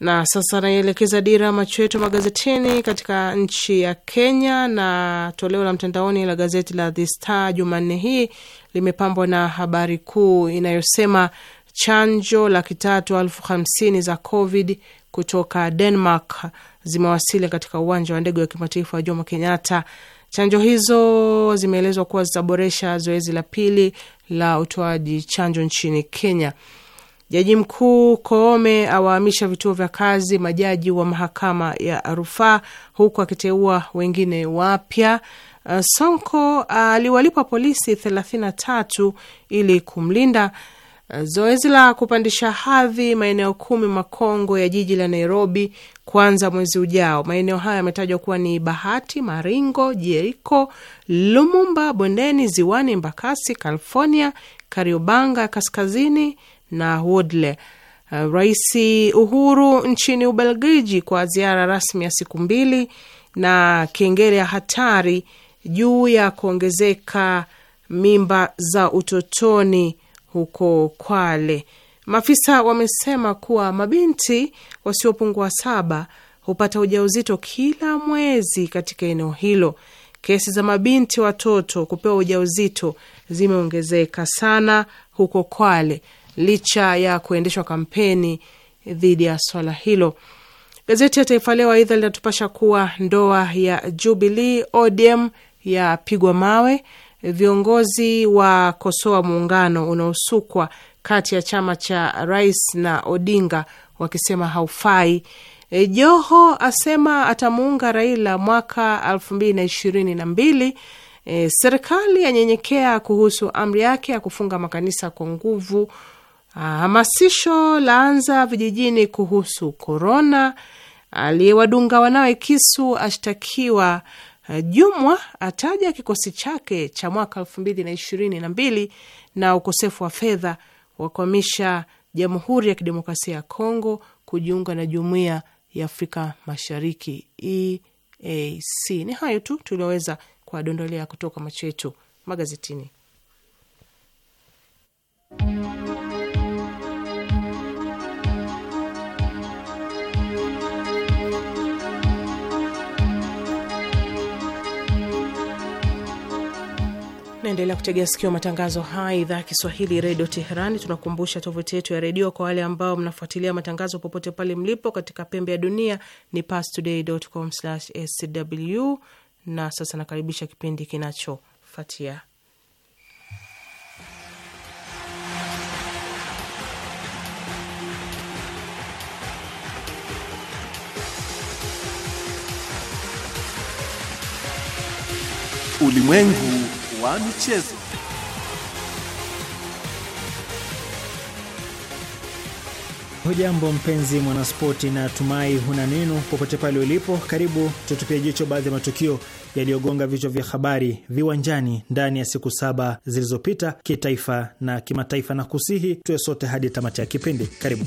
Speaker 1: Na sasa naielekeza dira macho yetu magazetini katika nchi ya Kenya, na toleo la mtandaoni la gazeti la The Star Jumanne hii limepambwa na habari kuu inayosema chanjo laki tatu elfu hamsini za COVID kutoka Denmark zimewasili katika uwanja wa ndege wa kimataifa wa Jomo Kenyatta. Chanjo hizo zimeelezwa kuwa zitaboresha zoezi la pili la utoaji chanjo nchini Kenya. Jaji mkuu Koome awahamisha vituo vya kazi majaji wa mahakama ya rufaa huku akiteua wengine wapya. Uh, Sonko aliwalipa polisi tatu ili kumlinda Zoezi la kupandisha hadhi maeneo kumi makongwe ya jiji la Nairobi kuanza mwezi ujao. Maeneo haya yametajwa kuwa ni Bahati, Maringo, Jeriko, Lumumba, Bondeni, Ziwani, Mbakasi, California, Kariobanga kaskazini na Woodley. Uh, Rais Uhuru nchini Ubelgiji kwa ziara rasmi ya siku mbili na kengele ya hatari juu ya kuongezeka mimba za utotoni huko Kwale. Maafisa wamesema kuwa mabinti wasiopungua saba hupata ujauzito kila mwezi katika eneo hilo. Kesi za mabinti watoto kupewa ujauzito zimeongezeka sana huko Kwale licha ya kuendeshwa kampeni dhidi ya swala hilo. Gazeti ya Taifa Leo aidha linatupasha kuwa ndoa ya Jubilee ODM yapigwa mawe viongozi wa kosoa muungano unaosukwa kati ya chama cha rais na Odinga wakisema haufai. E, Joho asema atamuunga Raila mwaka elfu mbili na ishirini na mbili. E, serikali yanyenyekea kuhusu amri yake ya kufunga makanisa kwa nguvu. Hamasisho laanza vijijini kuhusu korona. Aliyewadunga wanawe kisu ashtakiwa Eh, Jumwa ataja kikosi chake cha mwaka elfu mbili na ishirini na mbili na ukosefu wa fedha wakwamisha Jamhuri ya Kidemokrasia ya Kongo kujiunga na Jumuiya ya Afrika Mashariki EAC. Ni hayo tu tulioweza kuwadondolea kutoka macho yetu magazetini. Naendelea kutegea sikio matangazo haya, idhaa ya Kiswahili, redio Teherani. Tunakumbusha tovuti yetu ya redio kwa wale ambao mnafuatilia matangazo popote pale mlipo katika pembe ya dunia ni pastoday.com/sw. Na sasa nakaribisha kipindi kinachofuatia
Speaker 3: Ulimwengu wa michezo.
Speaker 5: Hujambo mpenzi mwanaspoti, na tumai huna neno popote pale ulipo. Karibu tutupie jicho baadhi ya matukio yaliyogonga vichwa vya habari viwanjani ndani ya siku saba zilizopita, kitaifa na kimataifa, na kusihi tuwe sote hadi tamati ya kipindi. Karibu.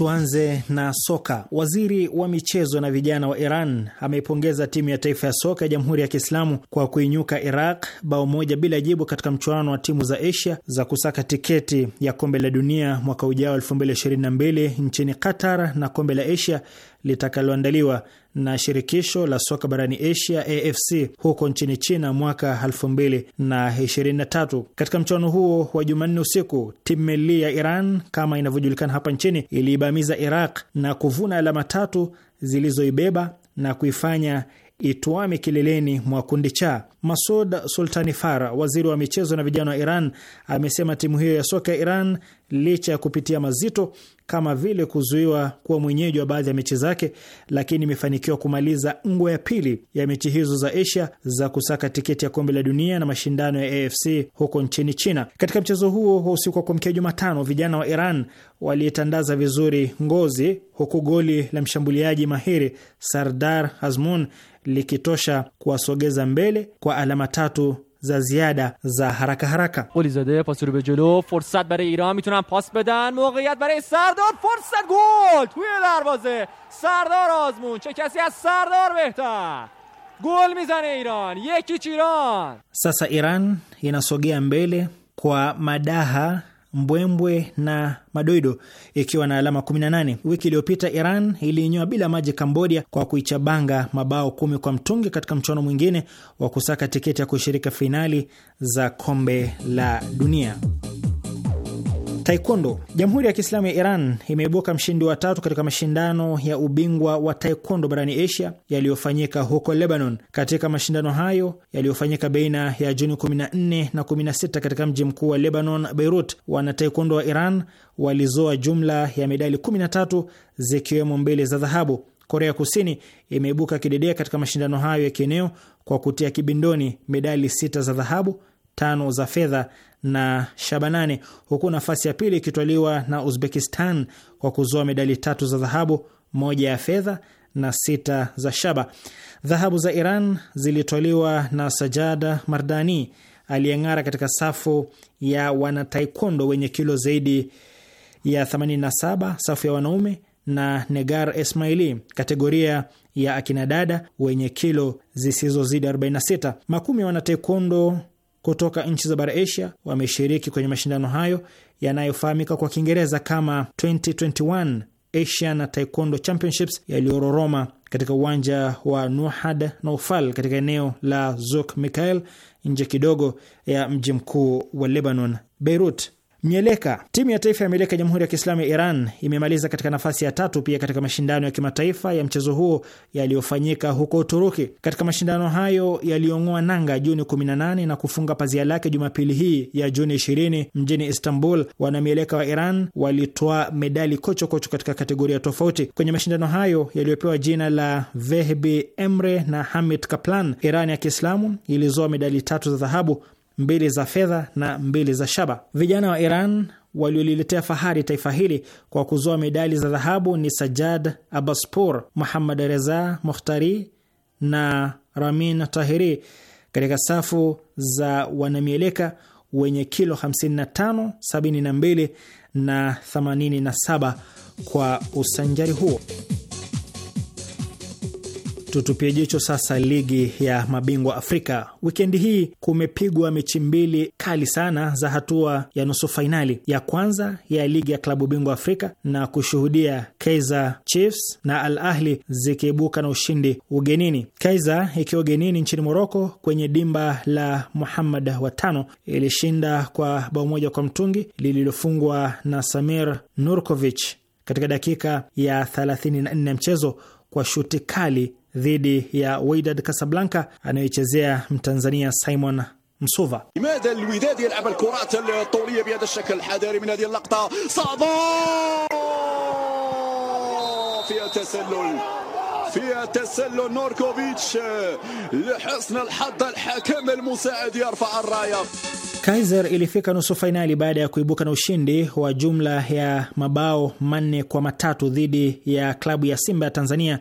Speaker 5: Tuanze na soka. Waziri wa michezo na vijana wa Iran ameipongeza timu ya taifa ya soka ya Jamhuri ya Kiislamu kwa kuinyuka Iraq bao moja bila jibu katika mchuano wa timu za Asia za kusaka tiketi ya kombe la dunia mwaka ujao 2022 nchini Qatar na kombe la Asia litakaloandaliwa na shirikisho la soka barani Asia AFC huko nchini China mwaka 2023. Katika mchuano huo wa Jumanne usiku, timu meli ya Iran kama inavyojulikana hapa nchini iliibamiza Iraq na kuvuna alama tatu zilizoibeba na kuifanya itwame kileleni mwa kundi cha. Masud Sultani Fara, waziri wa michezo na vijana wa Iran, amesema timu hiyo ya soka ya Iran licha ya kupitia mazito kama vile kuzuiwa kuwa mwenyeji wa baadhi ya mechi zake, lakini imefanikiwa kumaliza ngo ya pili ya mechi hizo za Asia za kusaka tiketi ya kombe la dunia na mashindano ya AFC huko nchini China. Katika mchezo huo wa usiku wa kuamkia Jumatano, vijana wa Iran walitandaza vizuri ngozi, huku goli la mshambuliaji mahiri Sardar Azmun likitosha kuwasogeza mbele kwa alama tatu za زیاده، za haraka haraka. گلی زده پاس رو به جلو فرصت برای ایران میتونن پاس بدن موقعیت برای سردار
Speaker 4: فرصت گل توی دروازه سردار آزمون چه کسی از سردار بهتر گل میزنه ایران یکی ایران.
Speaker 5: ایران Iran inasogea mbele kwa madaha mbwembwe na madoido ikiwa na alama 18. Wiki iliyopita Iran iliinywa bila maji Kambodia kwa kuichabanga mabao kumi kwa mtungi katika mchuano mwingine wa kusaka tiketi ya kushiriki fainali za kombe la dunia. Taekwondo. Jamhuri ya Kiislamu ya Iran imeibuka mshindi wa tatu katika mashindano ya ubingwa wa taekwondo barani Asia yaliyofanyika huko Lebanon. Katika mashindano hayo yaliyofanyika baina ya Juni 14 na 16 katika mji mkuu wa Lebanon, Beirut, wana taekwondo wa Iran walizoa jumla ya medali 13 zikiwemo mbili za dhahabu. Korea Kusini imeibuka kidedea katika mashindano hayo ya kieneo kwa kutia kibindoni medali sita za dhahabu, tano za fedha na Shabanane, huku nafasi ya pili ikitwaliwa na Uzbekistan kwa kuzoa medali tatu za dhahabu, moja ya fedha na sita za shaba. Dhahabu za Iran zilitwaliwa na Sajada Mardani aliyeng'ara katika safu ya wanataekwondo wenye kilo zaidi ya 87 safu ya wanaume na Negar Esmaili kategoria ya akinadada wenye kilo zisizozidi 46. Makumi ya wanataekwondo kutoka nchi za bara Asia wameshiriki kwenye mashindano hayo yanayofahamika kwa Kiingereza kama 2021 Asian Taekwondo Championships yaliyororoma katika uwanja wa Nuhad Naufal katika eneo la Zuk Mikael nje kidogo ya mji mkuu wa Lebanon, Beirut mieleka. Timu ya taifa ya mieleka ya Jamhuri ya Kiislamu ya Iran imemaliza katika nafasi ya tatu pia katika mashindano ya kimataifa ya mchezo huo yaliyofanyika huko Uturuki. Katika mashindano hayo yaliyong'oa nanga Juni 18 na kufunga pazia lake Jumapili hii ya Juni 20 mjini Istanbul, wanamieleka wa Iran walitoa medali kocho kocho katika kategoria tofauti. Kwenye mashindano hayo yaliyopewa jina la Vehbi Emre na Hamid Kaplan, Iran ya Kiislamu ilizoa medali tatu za dhahabu mbili za fedha na mbili za shaba. Vijana wa Iran walioliletea fahari taifa hili kwa kuzoa medali za dhahabu ni Sajad Abaspor, Muhammad Reza Mukhtari na Ramin Tahiri katika safu za wanamieleka wenye kilo 55, 72 na 87 kwa usanjari huo. Tutupie jicho sasa ligi ya mabingwa Afrika. Wikendi hii kumepigwa mechi mbili kali sana za hatua ya nusu fainali ya kwanza ya ligi ya klabu bingwa Afrika na kushuhudia Kaizer Chiefs na Al Ahli zikiibuka na ushindi ugenini. Kaizer ikiwa ugenini nchini Moroko kwenye dimba la Muhammad watano ilishinda kwa bao moja kwa mtungi lililofungwa na Samir nurkovich katika dakika ya 34 ya mchezo kwa shuti kali dhidi ya Wydad Casablanca anayoichezea Mtanzania Simon مصوفة
Speaker 6: لماذا
Speaker 4: الوداد يلعب الكرات الطولية بهذا الشكل الحذاري من هذه اللقطة صعبة فيها تسلل فيها تسلل نوركوفيتش لحسن الحظ الحكم المساعد يرفع الراية
Speaker 5: Kaiser ilifika nusu fainali baada ya kuibuka na ushindi wa jumla ya mabao manne kwa matatu dhidi ya klabu ya Simba ya Tanzania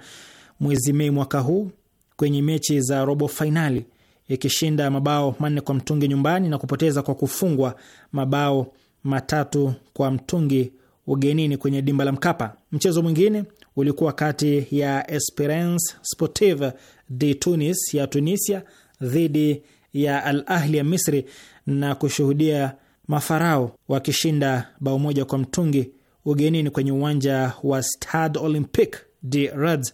Speaker 5: mwezi Mei mwaka huu kwenye mechi za robo fainali ikishinda mabao manne kwa mtungi nyumbani na kupoteza kwa kufungwa mabao matatu kwa mtungi ugenini kwenye dimba la Mkapa. Mchezo mwingine ulikuwa kati ya Esperance Sportive de Tunis ya Tunisia dhidi ya Al Ahli ya Misri na kushuhudia mafarao wakishinda bao moja kwa mtungi ugenini kwenye uwanja wa Stade Olympique de Reds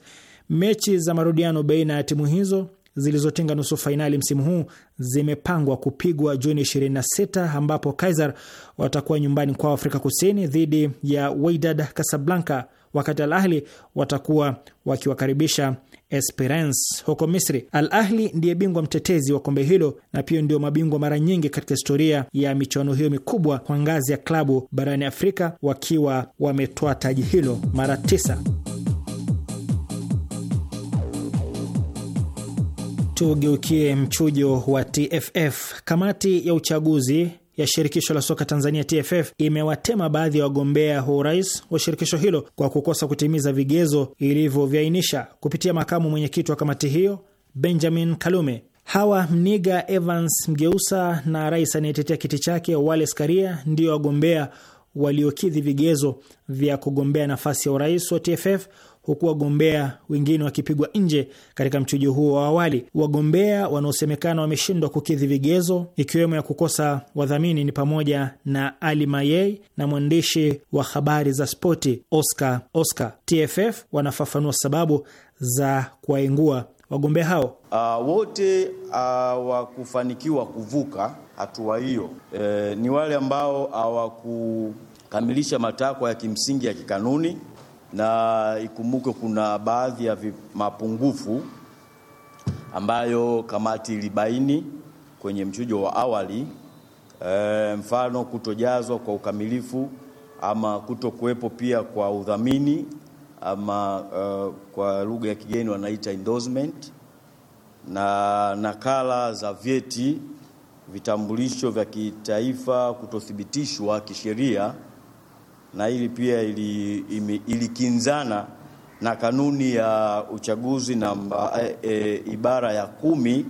Speaker 5: Mechi za marudiano baina ya timu hizo zilizotinga nusu fainali msimu huu zimepangwa kupigwa Juni 26 ambapo Kaizer watakuwa nyumbani kwa Afrika Kusini dhidi ya Wydad Casablanca, wakati Al Ahli watakuwa wakiwakaribisha Esperance huko Misri. Al Ahli ndiye bingwa mtetezi wa kombe hilo na pia ndio mabingwa mara nyingi katika historia ya michuano hiyo mikubwa kwa ngazi ya klabu barani Afrika, wakiwa wametoa taji hilo mara tisa. Tugeukie mchujo wa TFF. Kamati ya uchaguzi ya shirikisho la soka Tanzania TFF imewatema baadhi ya wagombea wa urais wa shirikisho hilo kwa kukosa kutimiza vigezo ilivyoviainisha. Kupitia makamu mwenyekiti wa kamati hiyo Benjamin Kalume, Hawa Mniga, Evans Mgeusa na rais anayetetea kiti chake Wallace Karia ndio wagombea waliokidhi vigezo vya kugombea nafasi ya urais wa TFF huku wagombea wengine wakipigwa nje katika mchujo huo wa awali. Wagombea wanaosemekana wameshindwa kukidhi vigezo, ikiwemo ya kukosa wadhamini, ni pamoja na Ali Mayei na mwandishi wa habari za spoti Oscar Oscar. TFF wanafafanua sababu za kuwaingua wagombea
Speaker 6: hao. Uh, wote uh, ah, wakufanikiwa kuvuka hatua hiyo e, ni wale ambao hawakukamilisha matakwa ya kimsingi ya kikanuni na ikumbuke kuna baadhi ya mapungufu ambayo kamati ilibaini kwenye mchujo wa awali e, mfano kutojazwa kwa ukamilifu ama kutokuwepo pia kwa udhamini ama uh, kwa lugha ya kigeni wanaita endorsement, na nakala za vyeti vitambulisho vya kitaifa kutothibitishwa kisheria na hili pia ilikinzana ili na kanuni ya uchaguzi namba e, e, ibara ya kumi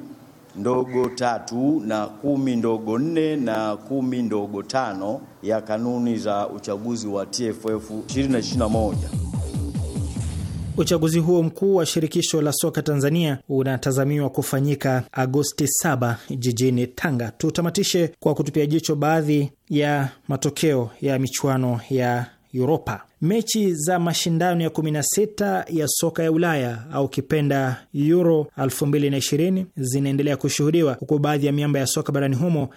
Speaker 6: ndogo tatu na kumi ndogo nne na kumi ndogo tano ya kanuni za uchaguzi wa TFF 2021.
Speaker 5: Uchaguzi huo mkuu wa shirikisho la soka Tanzania unatazamiwa kufanyika Agosti 7 jijini Tanga. Tutamatishe kwa kutupia jicho baadhi ya matokeo ya michuano ya Uropa. Mechi za mashindano ya 16 ya soka ya Ulaya au kipenda Euro 2020 zinaendelea kushuhudiwa huku baadhi ya miamba ya soka barani humo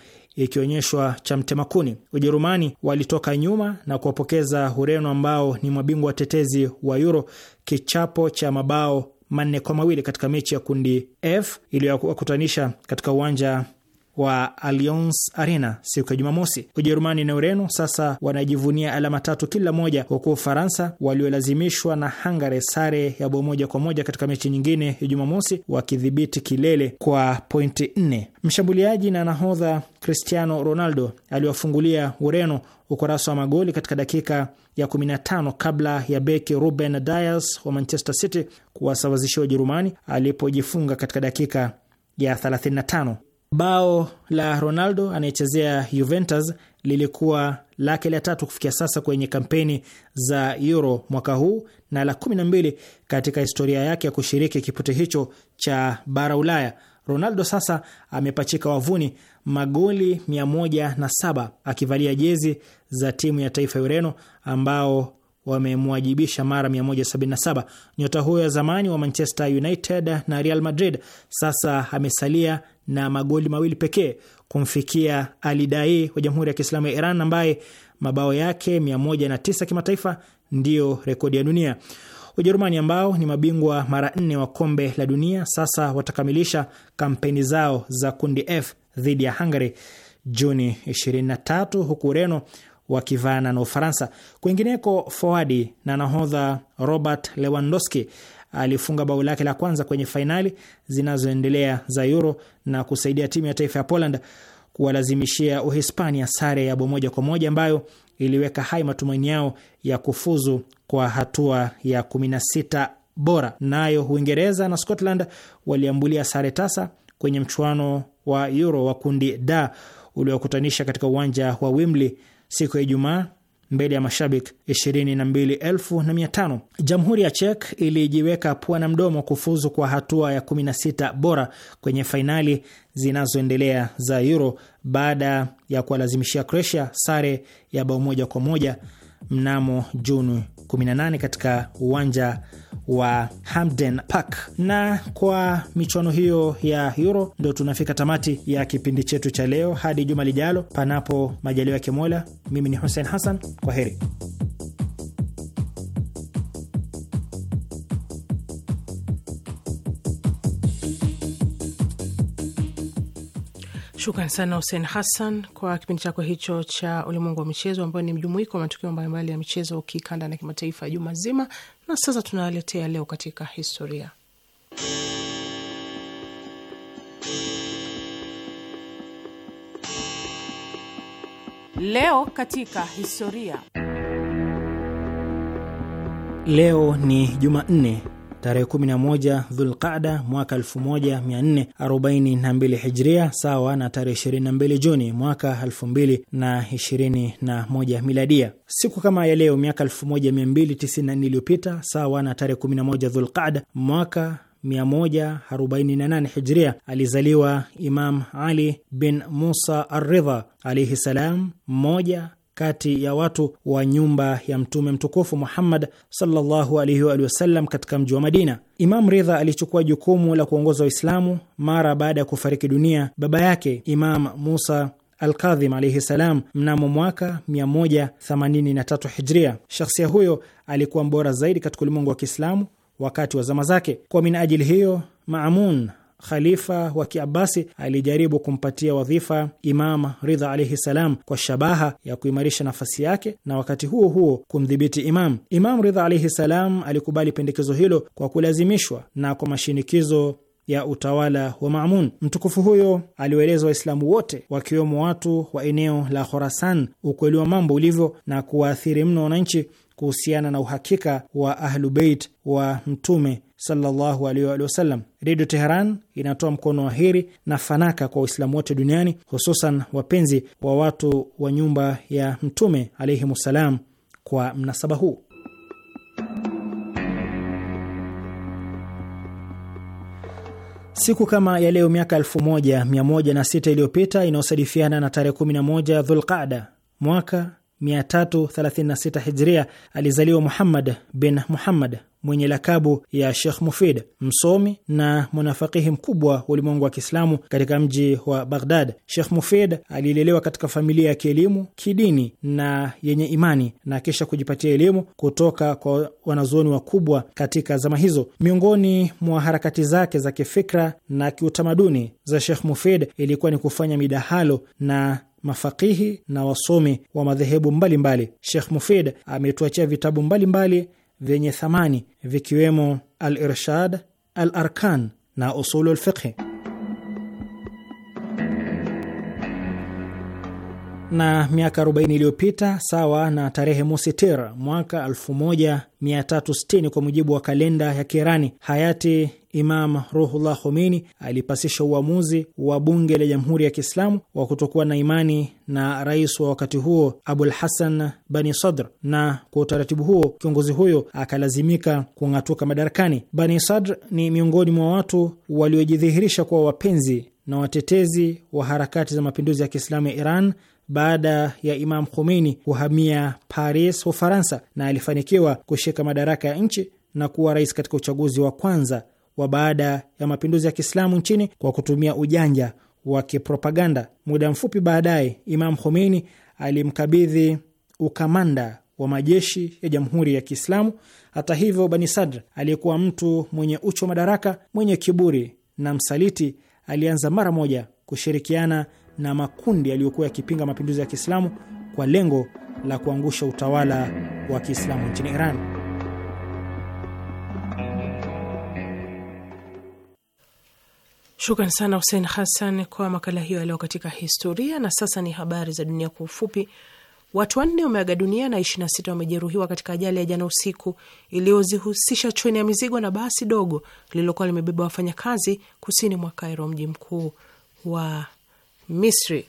Speaker 5: ikionyeshwa cha mtemakuni. Ujerumani walitoka nyuma na kuwapokeza Ureno ambao ni mabingwa watetezi wa Euro kichapo cha mabao manne kwa mawili katika mechi ya kundi F iliyowakutanisha katika uwanja wa Allianz Arena siku ya Jumamosi. Ujerumani na Ureno sasa wanajivunia alama tatu kila moja, huku Ufaransa waliolazimishwa na Hungary sare ya bao moja kwa moja katika mechi nyingine ya Jumamosi wakidhibiti kilele kwa pointi nne. Mshambuliaji na nahodha Cristiano Ronaldo aliwafungulia Ureno ukurasa wa magoli katika dakika ya 15 kabla ya beki Ruben Dias wa Manchester City kuwasawazishia Ujerumani alipojifunga katika dakika ya 35. Bao la Ronaldo anayechezea Juventus lilikuwa lake la tatu kufikia sasa kwenye kampeni za Euro mwaka huu na la 12 katika historia yake ya kushiriki kipute hicho cha bara Ulaya. Ronaldo sasa amepachika wavuni magoli 107 akivalia jezi za timu ya taifa ya Ureno ambao wamemwajibisha mara 177. Nyota huyo ya zamani wa Manchester United na Real Madrid sasa amesalia na magoli mawili pekee kumfikia Alidai wa Jamhuri ya Kiislamu ya Iran ambaye mabao yake 109 kimataifa ndiyo rekodi ya dunia. Ujerumani ambao ni mabingwa mara nne wa kombe la dunia sasa watakamilisha kampeni zao za kundi F dhidi ya Hungary Juni 23 huku Ureno wakivana na Ufaransa. Kwingineko, fowadi na nahodha Robert Lewandowski alifunga bao lake la kwanza kwenye fainali zinazoendelea za Euro na kusaidia timu ya taifa ya Poland kuwalazimishia Uhispania sare ya bao moja kwa moja ambayo iliweka hai matumaini yao ya kufuzu kwa hatua ya 16 bora. Nayo Uingereza na Scotland waliambulia sare tasa kwenye mchuano wa Euro wa kundi D uliokutanisha katika uwanja wa Wembley siku ya Ijumaa mbele ya mashabiki 22,500. Jamhuri ya chek ilijiweka pua na mdomo kufuzu kwa hatua ya 16 bora kwenye fainali zinazoendelea za Euro baada ya kuwalazimishia Croatia sare ya bao moja kwa moja mnamo Juni 18 katika uwanja wa hamden Park. Na kwa michuano hiyo ya Euro ndo tunafika tamati ya kipindi chetu cha leo. Hadi juma lijalo, panapo majaliwa ya Mola, mimi ni Hussein Hassan, kwa heri.
Speaker 1: Shukran sana Hussein Hassan kwa kipindi chako hicho cha ulimwengu wa michezo, ambayo ni mjumuiko wa matukio mbalimbali ya michezo kikanda na kimataifa juma zima. Na sasa tunawaletea leo katika historia. Leo katika historia.
Speaker 5: Leo ni Jumanne tarehe 11 Dhulqada mwaka 1442 Hijria, sawa na tarehe 22 Juni mwaka 2021 Miladia. Siku kama ya leo miaka 1294 iliyopita, sawa na tarehe 11 Dhulqada mwaka 148 hijria alizaliwa Imam Ali bin Musa Arridha alaihi salam, mmoja kati ya watu wa nyumba ya Mtume mtukufu Muhammad sallallahu alaihi wa katika mji wa Madina. Imam Ridha alichukua jukumu la kuongoza Waislamu mara baada ya kufariki dunia baba yake Imam Musa Alkadhim alaihi salam mnamo mwaka 183 Hijria. Shakhsia huyo alikuwa mbora zaidi katika ulimwengu wa Kiislamu wakati wa zama zake. Kwa minajili hiyo, Maamun khalifa wa Kiabasi alijaribu kumpatia wadhifa Imam Ridha alaihi salam kwa shabaha ya kuimarisha nafasi yake na wakati huo huo kumdhibiti Imam. Imam Ridha alaihi salam alikubali pendekezo hilo kwa kulazimishwa na kwa mashinikizo ya utawala wa Mamun. Mtukufu huyo aliwaeleza Waislamu wote wakiwemo watu wa eneo la Khorasan ukweli wa mambo ulivyo na kuwaathiri mno wananchi kuhusiana na uhakika wa Ahlubeit wa Mtume sallallahu alaihi wa sallam. Redio Teheran inatoa mkono wa heri na fanaka kwa Waislamu wote duniani, hususan wapenzi wa watu wa nyumba ya Mtume wassalam kwa mnasaba huu. Siku kama ya leo miaka 1106 iliyopita inayosadifiana na tarehe 11 Dhulqada mwaka 336 Hijria, alizaliwa Muhammad bin Muhammad mwenye lakabu ya Sheikh Mufid, msomi na mwanafakihi mkubwa wa ulimwengu wa Kiislamu katika mji wa Baghdad. Sheikh Mufid alilelewa katika familia ya kielimu, kidini na yenye imani na kisha kujipatia elimu kutoka kwa wanazuoni wakubwa katika zama hizo. Miongoni mwa harakati zake za kifikra na kiutamaduni za Sheikh Mufid ilikuwa ni kufanya midahalo na mafakihi na wasomi wa madhehebu mbalimbali. Sheikh Mufid ametuachia vitabu mbalimbali mbali vyenye thamani vikiwemo Al-Irshad, Al-Arkan na Usulul Fiqhi. na miaka 40 iliyopita sawa na tarehe mosi Tir mwaka 1360 kwa mujibu wa kalenda ya Kirani, hayati Imam Ruhullah Khomeini alipasisha uamuzi wa bunge la Jamhuri ya Kiislamu wa kutokuwa na imani na rais wa wakati huo Abul hasan Bani Sadr, na kwa utaratibu huo kiongozi huyo akalazimika kung'atuka madarakani. Bani Sadr ni miongoni mwa watu waliojidhihirisha kuwa wapenzi na watetezi wa harakati za mapinduzi ya Kiislamu ya Iran baada ya Imam Khomeini kuhamia Paris, Ufaransa, na alifanikiwa kushika madaraka ya nchi na kuwa rais katika uchaguzi wa kwanza wa baada ya mapinduzi ya Kiislamu nchini kwa kutumia ujanja wa kipropaganda. Muda mfupi baadaye, Imam Khomeini alimkabidhi ukamanda wa majeshi ya Jamhuri ya Kiislamu. Hata hivyo, Bani Sadr aliyekuwa mtu mwenye uchu wa madaraka, mwenye kiburi na msaliti, alianza mara moja kushirikiana na makundi yaliyokuwa yakipinga mapinduzi ya Kiislamu kwa lengo la kuangusha utawala wa Kiislamu nchini Iran.
Speaker 1: Shukran sana Husein Hassan kwa makala hiyo yaliyo katika historia. Na sasa ni habari za dunia kwa ufupi. Watu wanne wameaga dunia na 26 wamejeruhiwa katika ajali ya jana usiku iliyozihusisha treni ya mizigo na basi dogo lililokuwa limebeba wafanyakazi kusini mwa Kairo, mji mkuu wa Misri.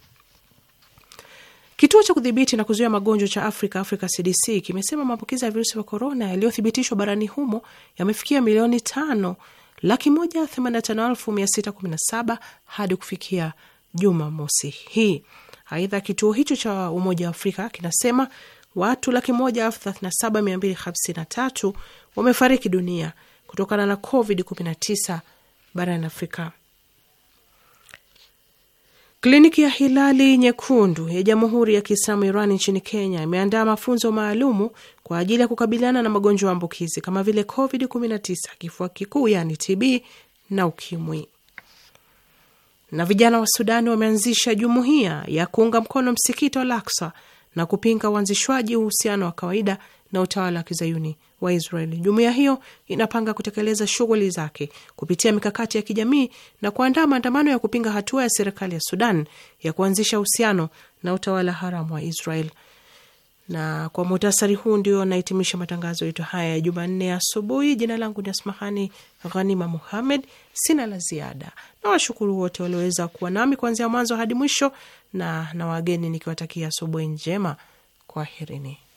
Speaker 1: Kituo cha kudhibiti na kuzuia magonjwa cha Afrika, Africa CDC, kimesema maambukizi ya virusi vya korona yaliyothibitishwa barani humo yamefikia milioni tano laki moja themanini na tano elfu mia sita kumi na saba hadi kufikia Jumamosi hii. Aidha, kituo hicho cha Umoja wa Afrika kinasema watu laki moja elfu thelathini na saba mia mbili hamsini na tatu wamefariki dunia kutokana na COVID 19 barani Afrika. Kliniki ya Hilali Nyekundu ya Jamhuri ya Kiislamu iran nchini Kenya imeandaa mafunzo maalumu kwa ajili ya kukabiliana na magonjwa ya ambukizi kama vile COVID-19, kifua kikuu yaani TB na ukimwi. Na vijana wa Sudani wameanzisha jumuiya ya kuunga mkono msikiti wa Al-Aqsa na kupinga uanzishwaji uhusiano wa kawaida na utawala wa kizayuni wa Israeli. Jumuiya hiyo inapanga kutekeleza shughuli zake kupitia mikakati ya kijamii na kuandaa maandamano ya kupinga hatua ya serikali ya Sudan ya kuanzisha uhusiano na utawala haramu wa Israel na kwa muhtasari huu ndio nahitimisha matangazo yetu haya ya Jumanne asubuhi. Jina langu ni Asmahani Ghanima Muhammed. Sina la ziada, na washukuru wote walioweza kuwa nami kuanzia mwanzo hadi mwisho, na na wageni nikiwatakia asubuhi njema. Kwaherini.